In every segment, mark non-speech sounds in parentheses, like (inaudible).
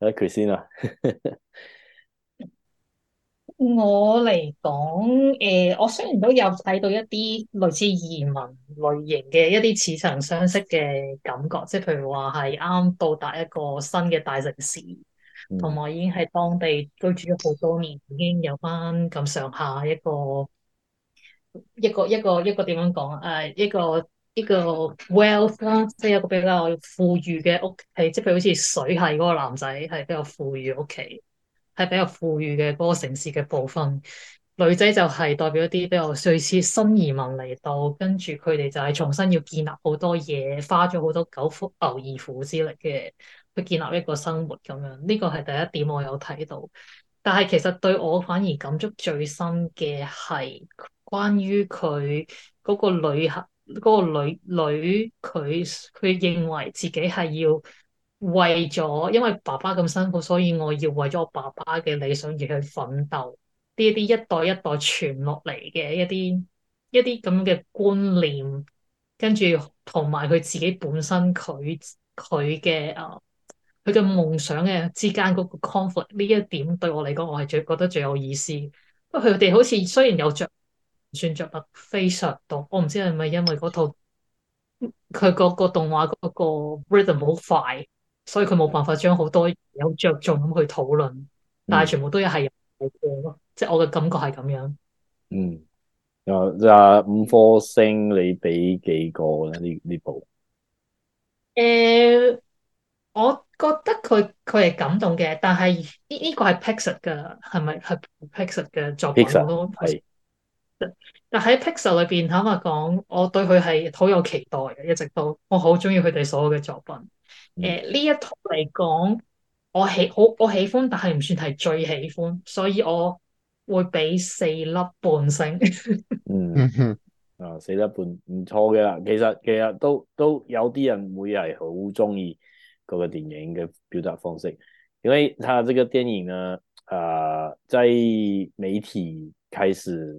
睇佢先啊！我嚟講，誒，我雖然都有睇到一啲類似移民類型嘅一啲似曾相識嘅感覺，即係譬如話係啱啱到達一個新嘅大城市，同埋已經喺當地居住咗好多年，已經有翻咁上下一個一個一個一個點樣講誒，一個。一個一個一個呢個 wealth 啦，即係一個比較富裕嘅屋企，即係好似水系嗰個男仔係比較富裕屋企，係比較富裕嘅嗰個城市嘅部分。女仔就係代表一啲比較類似新移民嚟到，跟住佢哋就係重新要建立好多嘢，花咗好多九牛二虎之力嘅去建立一個生活咁樣。呢個係第一點我有睇到，但係其實對我反而感觸最深嘅係關於佢嗰個旅行。嗰個女女佢佢認為自己係要為咗，因為爸爸咁辛苦，所以我要為咗我爸爸嘅理想而去奮鬥，呢一啲一代一代傳落嚟嘅一啲一啲咁嘅觀念，跟住同埋佢自己本身佢佢嘅啊佢嘅夢想嘅之間個 conflict，呢一點對我嚟講我係最覺得最有意思。不過佢哋好似雖然有着，算著得非常多，我唔知係咪因為嗰套佢嗰個動畫嗰個 rhythm 好快，所以佢冇辦法將好多有着重咁去討論，但係全部都有係樣咯，即係我嘅感覺係咁樣。嗯，啊五顆星，你俾幾個咧？呢呢部？誒、uh,，我覺得佢佢係感動嘅，但係呢呢個係 Pixar 嘅係咪係 Pixar 嘅作品咯？係。但喺 Pixar 裏邊，坦白講，我對佢係好有期待嘅，一直都，我好中意佢哋所有嘅作品。誒，呢一套嚟講，我喜好我，我喜歡，但係唔算係最喜歡，所以我會俾四粒半星。 (laughs) 嗯，啊，四粒半唔錯嘅啦，其實其實都都有啲人會係好中意嗰個電影嘅表達方式，因為睇下呢個電影呢，即、呃、在媒體開始。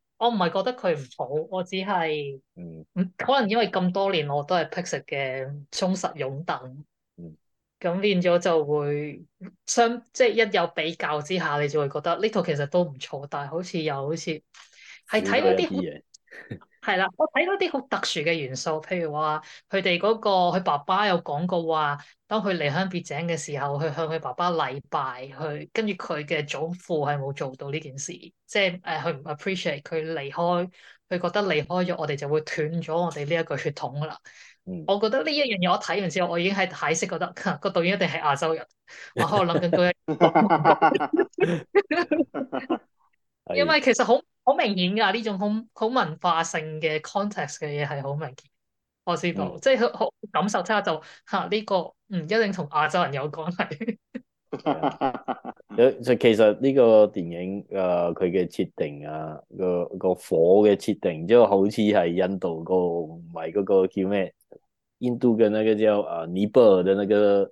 我唔係覺得佢唔好，我只係，嗯，可能因為咁多年我都係 Pixar 嘅忠實擁躉，咁、嗯、變咗就會相，即係一有比較之下，你就會覺得呢套其實都唔錯，但係好似又好似係睇嗰啲好。 (laughs) 係啦，我睇到啲好特殊嘅元素，譬如話佢哋嗰個佢爸爸有講過話，當佢離鄉別井嘅時候，去向佢爸爸禮拜，去跟住佢嘅祖父係冇做到呢件事，即係誒佢唔 appreciate 佢離開，佢覺得離開咗我哋就會斷咗我哋呢一個血統噶啦、嗯。我覺得呢一樣嘢我睇完之後，我已經係解釋覺得個導演一定係亞洲人，我喺度諗緊多因為其實好。好明顯噶呢種好好文化性嘅 context 嘅嘢，係好明顯，我知道、嗯，即係好好感受出嚟就吓呢個唔一定同亞洲人有關係。有 (laughs) 就其實呢個電影誒，佢嘅設定啊，個個火嘅設定，即係好似係印度嘅那個，唔係嗰個叫咩？印度嘅那個叫啊尼泊爾嘅那個。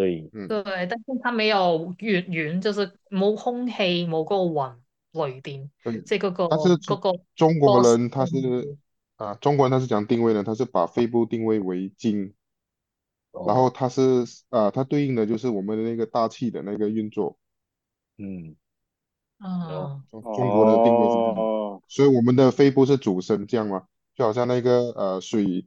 對、嗯，但是他沒有月圓，就是冇空氣，冇嗰個雲雷電，即這、就是那個個嗰、那個。中國人他是、嗯、啊，中國人他是講定位呢，他是把肺部定位為金、哦，然後他是啊，他對應的就是我們的那個大氣的那個運作。嗯。嗯啊。中國的定位是、哦，所以我們的肺部是主升降嘛，就好像那個呃水。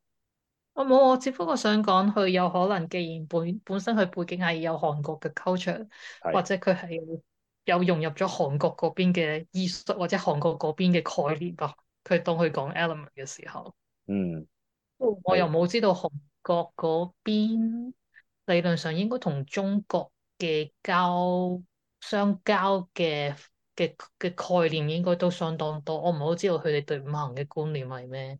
冇，我只不過想講佢有可能，既然本本身佢背景係有韓國嘅 culture，或者佢係有融入咗韓國嗰邊嘅藝術，或者韓國嗰邊嘅概念咯。佢當佢講 element 嘅時候，嗯，我又冇知道韓國嗰邊理論上應該同中國嘅交相交嘅嘅嘅概念應該都相當多。我唔好知道佢哋對五行嘅觀念係咩。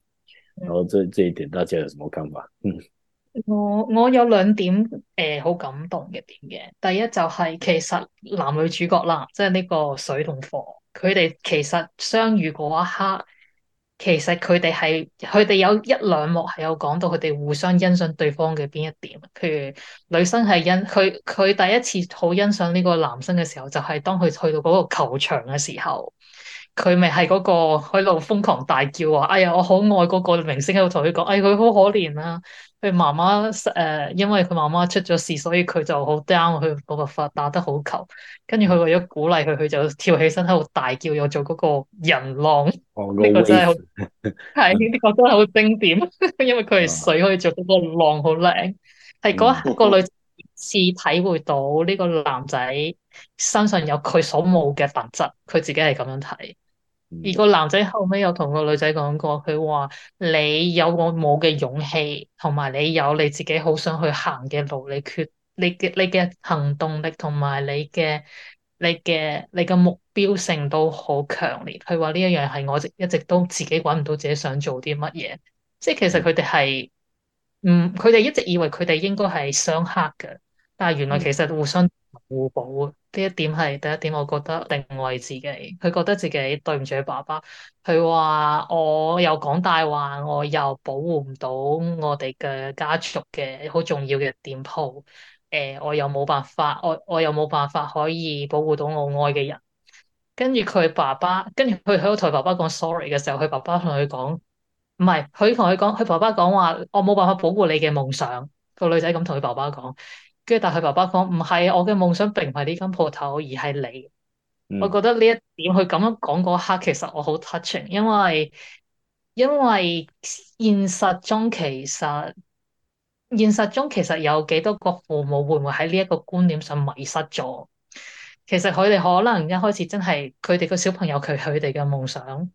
然後這這一點大家有什麼看法？嗯 (laughs) ，我我有兩點誒，好、呃、感動嘅點嘅。第一就係其實男女主角啦，即係呢個水同火，佢哋其實相遇嗰一刻，其實佢哋係佢哋有一兩幕係有講到佢哋互相欣賞對方嘅邊一點。譬如女生係因佢佢第一次好欣賞呢個男生嘅時候，就係、是、當佢去到嗰個球場嘅時候。佢咪係嗰個喺度瘋狂大叫啊。哎呀，我好愛嗰個明星喺度同佢講，哎，佢好可憐啊。佢媽媽誒，因為佢媽媽出咗事，所以佢就好 down。佢冇辦法打得好球，跟住佢為咗鼓勵佢，佢就跳起身喺度大叫，又做嗰個人浪。呢、oh, no way、個真係好，係 (laughs) 呢、這個真係好經典，因為佢係水 (laughs) 可以做到嗰個浪好靚。係嗰、那個、 (laughs) 個女是體會到呢個男仔身上有佢所冇嘅特質，佢自己係咁樣睇。而個男仔後尾又同個女仔講過，佢話：你有我冇嘅勇氣，同埋你有你自己好想去行嘅路，你決你嘅你嘅行動力同埋你嘅你嘅你嘅目標性都好強烈。佢話呢一樣係我一直都自己揾唔到自己想做啲乜嘢。即係其實佢哋係唔佢哋一直以為佢哋應該係相剋嘅，但係原來其實互相。互保啊！呢一點係第一點是，一點我覺得定愛自己，佢覺得自己對唔住佢爸爸。佢話，我又講大話，我又保護唔到我哋嘅家族嘅好重要嘅店鋪誒、呃，我又冇辦法，我我又冇辦法可以保護到我愛嘅人。跟住佢爸爸，跟住佢喺度同爸爸講 sorry 嘅時候，佢爸爸同佢講，唔係佢同佢講，佢爸爸講話，我冇辦法保護你嘅夢想。個女仔咁同佢爸爸講。跟住，但佢爸爸講唔係，我嘅夢想並唔係呢間鋪頭，而係你。嗯。我覺得呢一點佢咁樣講嗰刻，其實我好 touching，因為因為現實中其實現實中其實有幾多個父母會唔會喺呢一個觀念上迷失咗？其實佢哋可能一開始真係佢哋個小朋友佢佢哋嘅夢想。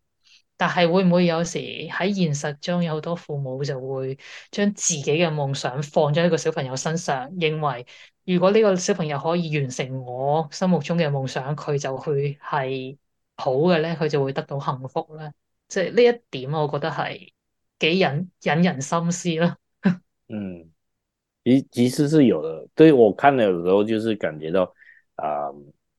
但係會唔會有時喺現實中有好多父母就會將自己嘅夢想放咗一個小朋友身上，認為如果呢個小朋友可以完成我心目中嘅夢想，佢就會係好嘅咧，佢就會得到幸福咧。即係呢一點，我覺得係幾引引人深思囉。 (laughs) 嗯，其其實是有的，對我看睇嘅時候，就是感覺到，嗯。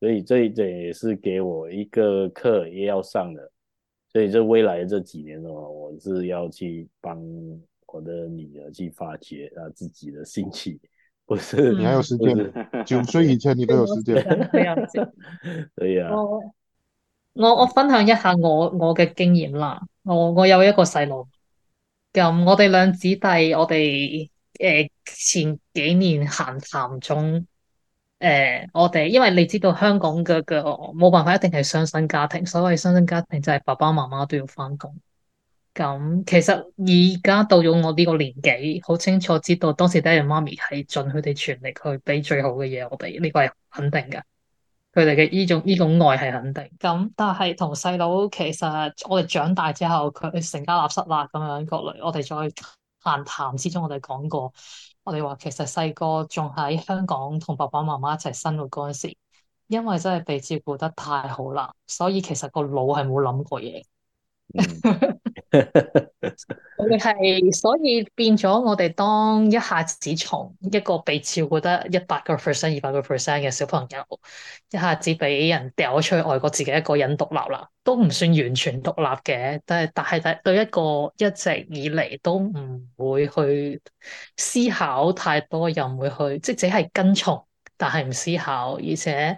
所以這一節也是給我一個課也要上的，所以這未來這幾年的話，我是要去幫我的女兒去發掘啊自己的興趣、嗯。不是你還有時間，九歲 (laughs) 以前你都有時間。對 (laughs) 呀、啊，我我分享一下我我嘅經驗啦。我我，我有一個細路，咁我哋兩姊弟，我哋誒、呃、前幾年閒談中。誒、uh,，我哋因為你知道香港嘅嘅冇辦法，一定係雙薪家庭。所謂雙薪家庭就係爸爸媽媽都要翻工。咁其實而家到咗我呢個年紀，好清楚知道當時爹哋媽咪係盡佢哋全力去俾最好嘅嘢我哋，呢個係肯定嘅。佢哋嘅呢種呢種愛係肯定。咁但係同細佬，其實我哋長大之後，佢成家立室啦，咁樣各類，我哋再閒談之中，我哋講過。我哋話其實細個仲喺香港同爸爸媽媽一齊生活嗰陣時，因為真係被照顧得太好啦，所以其實個腦係冇諗過嘢。 (laughs) (laughs) 我哋係，所以變咗我哋當一下子從一個被照顧得一百個 percent、二百個 percent 嘅小朋友，一下子俾人掉咗出去外國，自己一個人獨立啦，都唔算完全獨立嘅，但係但係對一個一直以嚟都唔會去思考太多，又唔會去即係只係跟從，但係唔思考，而且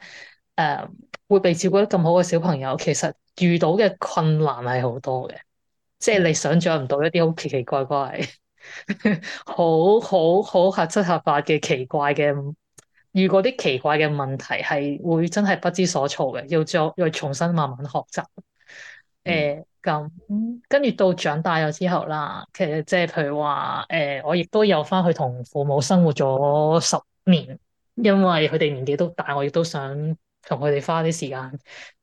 誒。Um, 會被照顧得咁好嘅小朋友，其實遇到嘅困難係好多嘅，即係你想象唔到一啲好奇奇怪怪的 (laughs) 好、好好好合則合法嘅奇怪嘅，遇過啲奇怪嘅問題係會真係不知所措嘅，要再要重新慢慢學習。嗯、誒，咁跟住到長大咗之後啦，其實即係譬如話，誒，我亦都有翻去同父母生活咗十年，因為佢哋年紀都大，我亦都想。同佢哋花啲時間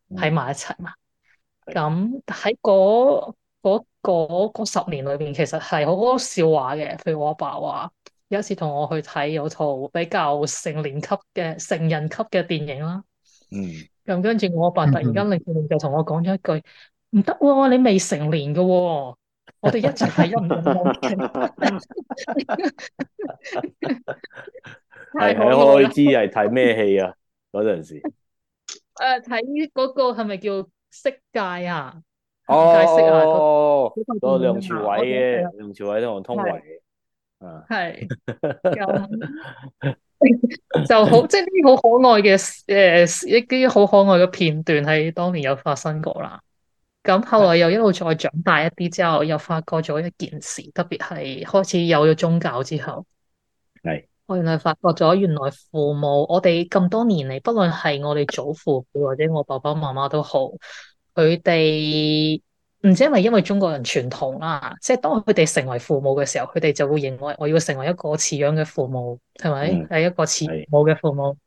喺埋一齊嘛？咁喺嗰十年裏邊，其實係好多笑話嘅。譬如我阿爸話，有一次同我去睇有套比較成年級嘅成人級嘅電影啦。嗯。咁跟住我阿爸突然間，另外就同我講咗一句：唔得喎，你未成年噶、啊，我哋一齊睇一兩部劇。係 (laughs) 睇 (laughs) (laughs) (laughs) 開支，係睇咩戲啊？嗰 (laughs) 陣時。誒、呃，睇嗰個係咪叫色戒啊？色戒啊，嗰、oh, oh, oh, oh，那個梁朝偉嘅，梁朝偉都湯唯，啊，係 (laughs) ，就好，即係啲好可愛嘅，誒、呃，一啲好可愛嘅片段喺當年有發生過啦。咁後來又一路再長大一啲之後，又發覺咗一件事，特別係開始有咗宗教之後，係。我原來發覺咗，原來父母我哋咁多年嚟，不論係我哋祖父母或者我爸爸媽媽都好，佢哋唔知係咪因為中國人傳統啦，即係當佢哋成為父母嘅時候，佢哋就會認為我要成為一個似樣嘅父母，係咪？係、嗯、一個似樣嘅父母。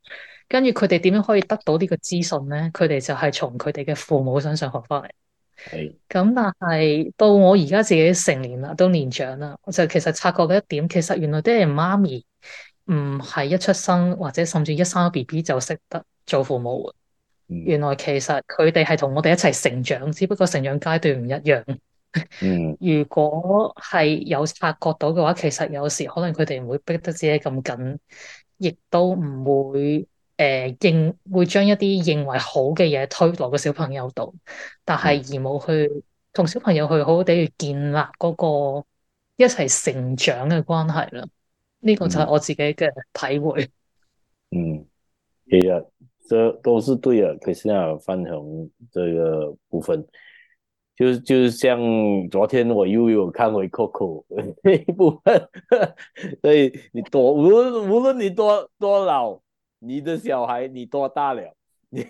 跟住佢哋點樣可以得到個資訊呢個資訊咧？佢哋就係從佢哋嘅父母身上學翻嚟。係咁，但係到我而家自己成年啦，都年長啦，我就其實察覺到一點，其實原來爹哋媽咪。唔係一出生或者甚至一生 B B 就識得做父母。原來其實佢哋係同我哋一齊成長，只不過成長階段唔一樣。如果係有發覺到嘅話，其實有時可能佢哋唔會逼得自己咁緊，亦都唔會誒、呃、認會將一啲認為好嘅嘢推落個小朋友度，但係而冇去同小朋友去好好地去建立嗰個一齊成長嘅關係啦。呢個就係我自己嘅體會。嗯，其、yeah, 啊這都是對啊。其實分紅這個部分，就就是像昨天我又有看回 Coco 呢 (laughs) 一部分， (laughs) 所以你多無論,無論你多多老，你的小孩你多大了，你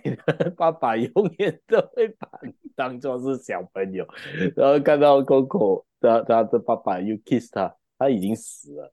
爸爸永遠都會把你當作是小朋友。然後看到 Coco，他他,他的爸爸又 kiss 他，他已經死了。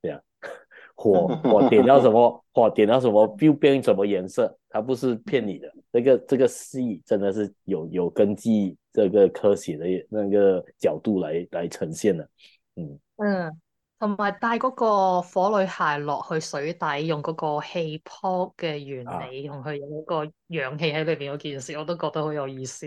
對啊，火火點到什麼，火點到什麼變變 (laughs) 什麼顏色，它不是騙你的，這個這個戲真的是有有根據這個科學的那個角度來來呈現的，嗯嗯，同埋帶嗰個火女孩落去水底，用嗰個氣泡嘅原理同佢、啊、個氧氣喺裏邊嗰件事，我都覺得好有意思。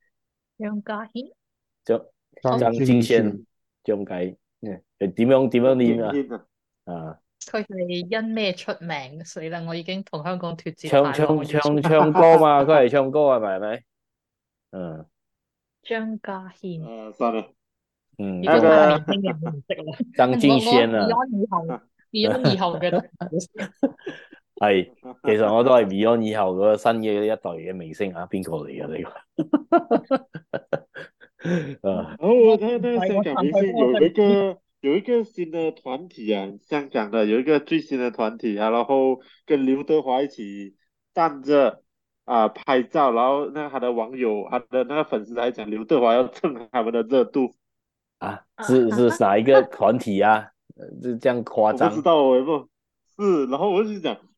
張嘉軒，張張敬軒，張家，誒，點樣點樣念啊？啊，佢係因咩出名？所以咧，我已經同香港脫節。唱唱唱唱歌嘛，佢係唱歌係咪？係咪？嗯，張嘉軒。啊，sorry，嗯，而家年輕人唔識啦。張敬軒啊，以後，以後嘅。係， (laughs) 其實我都係 Beyond 以後嗰個新嘅一代嘅明星啊，邊個嚟噶呢個？啊，我睇到香港明星有一個 (laughs) 有一個新的團體啊，香港嘅有一個最新的團體啊，然後跟劉德華一起站著、啊，擔着啊拍照，然後那他的網友 (laughs) 他的那個粉絲還講，劉德華要蹭他們的熱度啊，是是哪一個團體啊？ (laughs) 就這樣誇張，我不知道，唔係，是，然後我就講。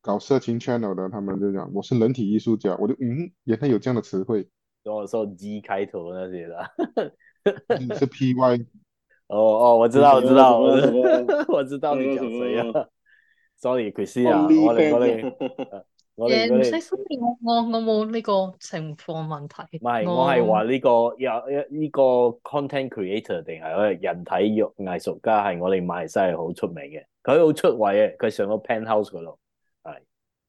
搞色情 channel 的，他們就講我是人體藝術家，我就嗯，原來有這樣的詞彙，咁我收 G 開頭那些你是 P Y 哦哦，我知道、嗯嗯、我知道，我知道你講誰呀 Sorry, Chris 啊，我哋我哋，誒唔使心電，我我 (laughs) 我冇呢、yeah, 個情況問題。唔係，我係話呢個有有呢個 content creator 定係人體藝藝術家係我哋馬來西亞係好出名嘅，佢好出位嘅，佢上個 penthouse 嗰度。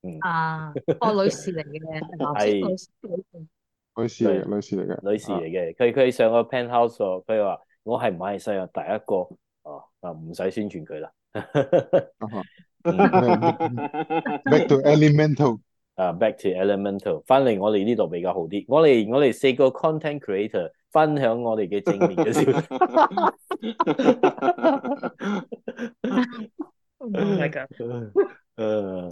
嗯啊，個女士嚟嘅，係女士嚟嘅，女士嚟嘅，女士嚟嘅，佢佢上個 penthouse，佢話我係唔係西啊，是是第一個哦啊唔使宣傳佢啦，back to elemental，啊、uh, back to elemental，翻嚟我哋呢度比較好啲，我哋我哋四個 content creator 分享我哋嘅正面嘅消息，， (laughs) 唔、oh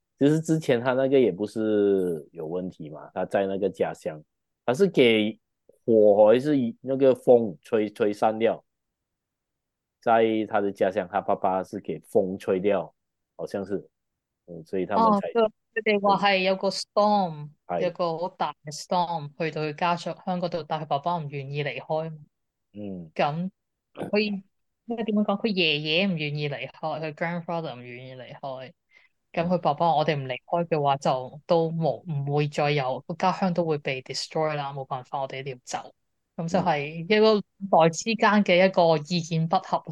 其實之前他那個也不是有問題嘛，他在那個家鄉，他是給火還是那個風吹吹散掉，在他的家鄉，他爸爸是給風吹掉，好像是，嗯，所以他們才哦，佢哋話係有個 storm，有個好大嘅 storm 去到佢家鄉，香港度，但佢爸爸唔願意離開嘛，嗯，咁佢點樣講？佢爺爺唔願意離開，佢 grandfather 唔願意離開。他咁佢爸爸，我哋唔離開嘅話，就都冇唔會再有個家鄉都會被 destroy 啦，冇辦法，我哋一定要走。咁就係一個代之間嘅一個意見不合。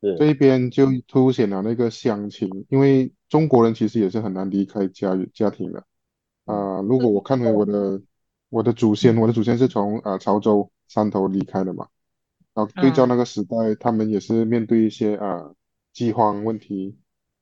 呢、嗯、邊就凸顯了那個鄉情，因為中國人其實也是很難離開家家庭嘅。啊、呃，如果我看到我的我的祖先，我的祖先是從啊、呃、潮州汕頭離開嘅嘛，然後對照那個時代，嗯、他們也是面對一些啊、呃、饑荒問題。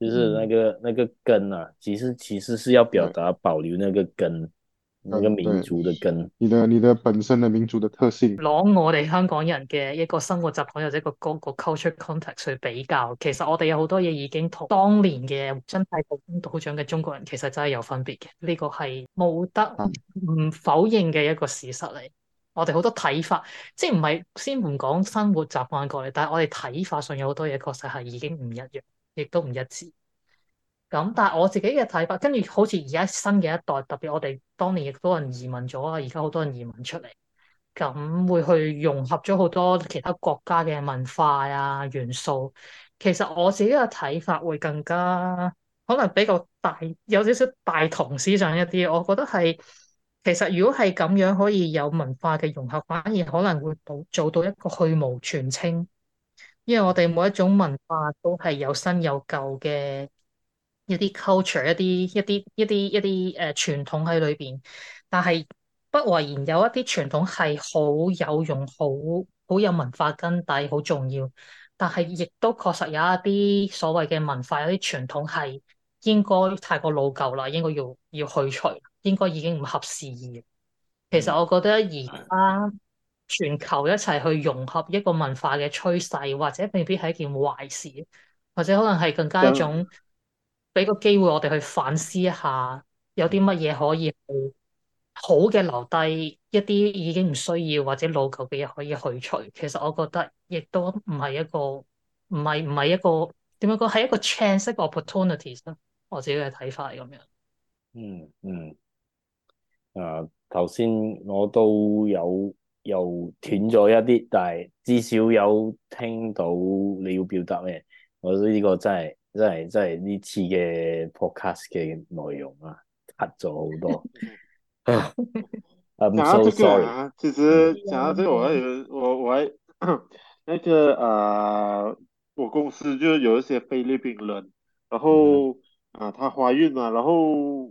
就是那個、嗯、那個根啊，其實其實是要表達保留那個根，那個民族的根，你的你的本身的民族的特性，攞我哋香港人嘅一個生活習慣，或者一個嗰個 culture context 去比較，其實我哋有好多嘢已經同當年嘅真係土生土長嘅中國人，其實真係有分別嘅。呢個係冇得唔否認嘅一個事實嚟、嗯。我哋好多睇法，即係唔係先唔講生活習慣過嚟，但係我哋睇法上有好多嘢，確實係已經唔一樣。亦都唔一致，咁但係我自己嘅睇法，跟住好似而家新嘅一代，特別我哋當年亦都有人移民咗啊，而家好多人移民出嚟，咁會去融合咗好多其他國家嘅文化啊、元素。其實我自己嘅睇法會更加可能比較大，有少少大同思想一啲。我覺得係其實如果係咁樣可以有文化嘅融合，反而可能會做做到一個去蕪存菁。因為我哋每一種文化都係有新有舊嘅一啲 culture，一啲一啲一啲一啲誒傳統喺裏邊。但係不為然，有一啲傳統係好有用，好好有文化根底，好重要。但係亦都確實有一啲所謂嘅文化，有啲傳統係應該太過老舊啦，應該要要去除，應該已經唔合時宜。其實我覺得而家，全球一齊去融合一個文化嘅趨勢，或者未必係一件壞事，或者可能係更加一種俾個機會我哋去反思一下，有啲乜嘢可以係好嘅留低，一啲已經唔需要或者老舊嘅嘢可以去除。其實我覺得亦都唔係一個唔係唔係一個點樣講係一個 chance opportunities 啦。我自己嘅睇法係咁樣。嗯嗯。啊，頭先我都有。又斷咗一啲，但係至少有聽到你要表達咩，我覺得呢個真係真係真係呢次嘅 podcast 嘅內容啊，黑咗好多。 (laughs) (laughs) so 啊唔受罪。其實，其實、講到這個、我我我， (coughs) 那個啊，uh, 我公司就有一些菲律賓人，然後、嗯、啊，她懷孕啦，然後。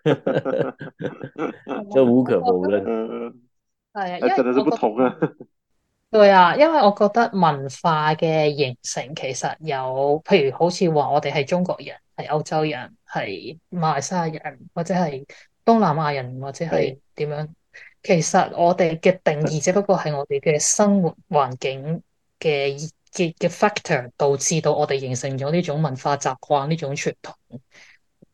真係好強暴咧！係啊，因為都不同啊。對啊，因為我覺得文化嘅形成其實有，譬如好似話我哋係中國人，係歐洲人，係馬來西亞人，或者係東南亞人，或者係點樣。其實我哋嘅定義只不過係我哋嘅生活環境嘅嘅嘅 factor，導致到我哋形成咗呢種文化習慣，呢種傳統。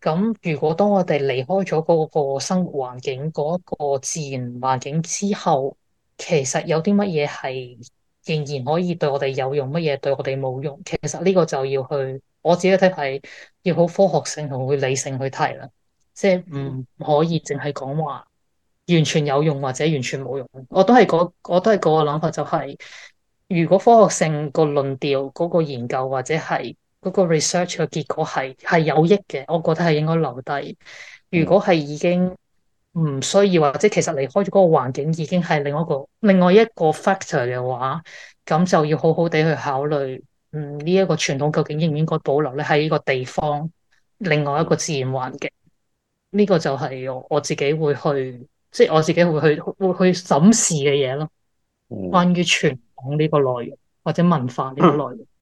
咁如果當我哋離開咗嗰個生活環境，嗰個自然環境之後，其實有啲乜嘢係仍然可以對我哋有用，乜嘢對我哋冇用？其實呢個就要去我自己睇係要好科學性同埋理性去睇啦，即係唔可以淨係講話完全有用或者完全冇用。我都係個我都係個諗法，就係如果科學性個論調嗰個研究或者係。嗰、嗰個 research 嘅結果係係有益嘅，我覺得係應該留低。如果係已經唔需要，或者其實離開咗嗰個環境已經係另一個另外一個 factor 嘅話，咁就要好好地去考慮，嗯，呢一個傳統究竟應唔應該保留咧？喺呢個地方，另外一個自然環境，呢個就係我我自己會去，即係我自己會去會去審視嘅嘢咯。關於傳統呢個內容或者文化呢個內容。嗯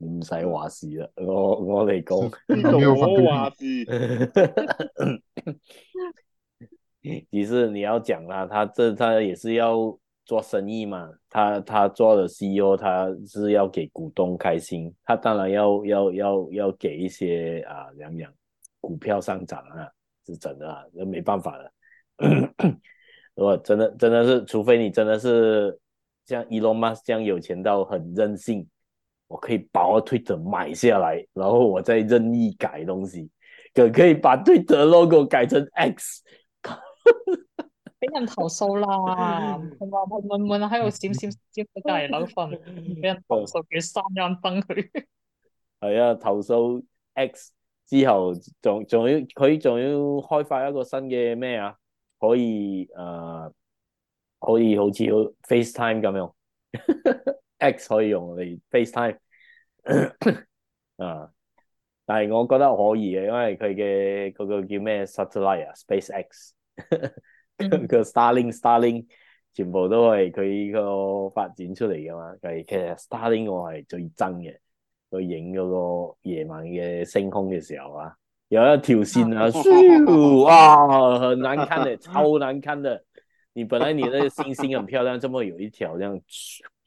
唔使話事啦，我我嚟講，啊啊啊啊啊啊啊啊、 (laughs) 其實你要講啦，他這他也是要做生意嘛，他他做了 CEO，他是要給股東開心，他當然要要要要給一些啊兩兩股票上漲啊，是真的啊，那沒辦法啦。 (coughs) 如果真的真的是，除非你真的是像 Elon Musk 這樣有錢到很任性。我可以把我 Twitter 買下嚟，然後我再任意改東西，就可以把 Twitter logo 改成 X，俾 (laughs) 人投訴啦！唔好唔好唔好喺度閃閃閃，喺隔離樓瞓，俾人投訴佢三眼燈佢。係啊，投訴 X 之後，仲仲要佢仲要開發一個新嘅咩啊？可以誒、呃，可以好似 FaceTime 咁樣。 (laughs) X 可以用嚟 FaceTime (coughs) 啊，但係我覺得可以嘅，因為佢嘅嗰個叫咩 Satellite SpaceX 個 (laughs) Starling Starling 全部都係佢個發展出嚟嘅嘛。其實 Starling 我係最憎嘅，佢影嗰個夜晚嘅星空嘅時候啊，有一條線啊，哇，難看嘅，超難看嘅。你本來你啲星星很漂亮，這麼有一條，這樣。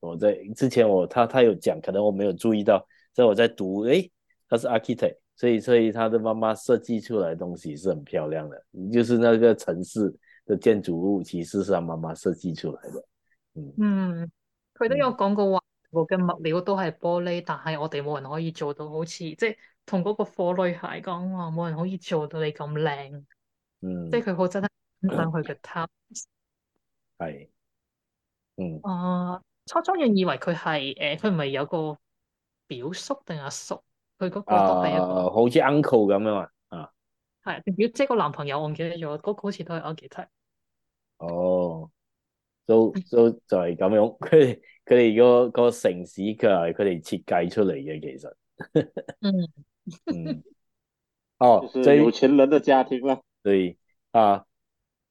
我在之前我他他有講，可能我沒有注意到。所以我在讀，誒、哎，他是 architect，所以所以他的媽媽設計出來的東西是很漂亮的，就是那個城市的建築物其實是他媽媽設計出來的。嗯，佢、嗯、都有講過話，我、嗯、嘅物料都係玻璃，但係我哋冇人可以做到好似即係同嗰個火女孩講話，冇人可以做到你咁靚。嗯，即係佢好真係欣賞佢嘅 taste。係、 (coughs) 哎，嗯，啊、uh,。初初仲以為佢係誒，佢唔係有個表叔定阿叔，叔，佢嗰個都係啊，好似 uncle 咁樣啊。係表姐個男朋友，我唔記得咗，嗰、那個好似都係我記得。哦，都都就係咁樣，佢佢哋個、那個城市佢係佢哋設計出嚟嘅，其實。 (laughs) 嗯 (laughs) 嗯。哦，即、就、係、是、有錢人嘅家庭啦。對啊。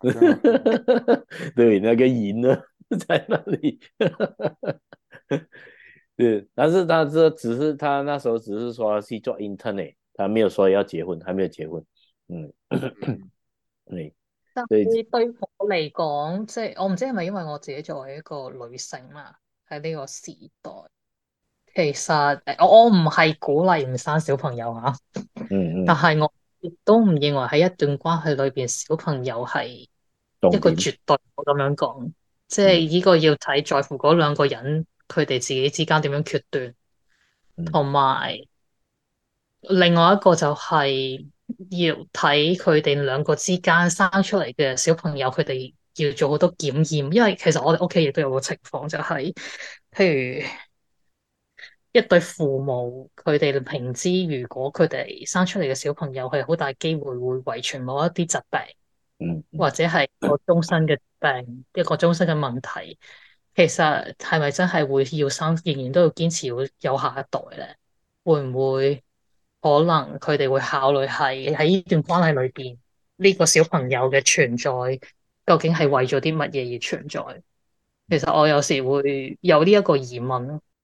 (laughs) 對，那個銀呢、啊，在那裏。 (laughs) 對，但是他說，只是他那時候只是說去做 internet，他沒有說要結婚，還沒有結婚。嗯，對、嗯。對，對我嚟講，即、就、係、是、我唔知係咪因為我自己作為一個女性嘛，喺呢個時代，其實我我唔係鼓勵唔生小朋友吓、啊。嗯，嗯。 (laughs) 但係我。亦都唔認為喺一段關係裏邊，小朋友係一個絕對的，我咁樣講，即係呢個要睇在乎嗰兩個人，佢哋自己之間點樣決斷，同埋另外一個就係要睇佢哋兩個之間生出嚟嘅小朋友，佢哋要做好多檢驗，因為其實我哋屋企亦都有個情況，就係、是、譬如。一對父母，佢哋明知如果佢哋生出嚟嘅小朋友，係好大機會會遺傳某一啲疾病，或者係個終身嘅病，一個終身嘅問題，其實係咪真係會要生，仍然都要堅持要有下一代咧？會唔會可能佢哋會考慮係喺呢段關係裏邊呢個小朋友嘅存在，究竟係為咗啲乜嘢而存在？其實我有時會有呢一個疑問。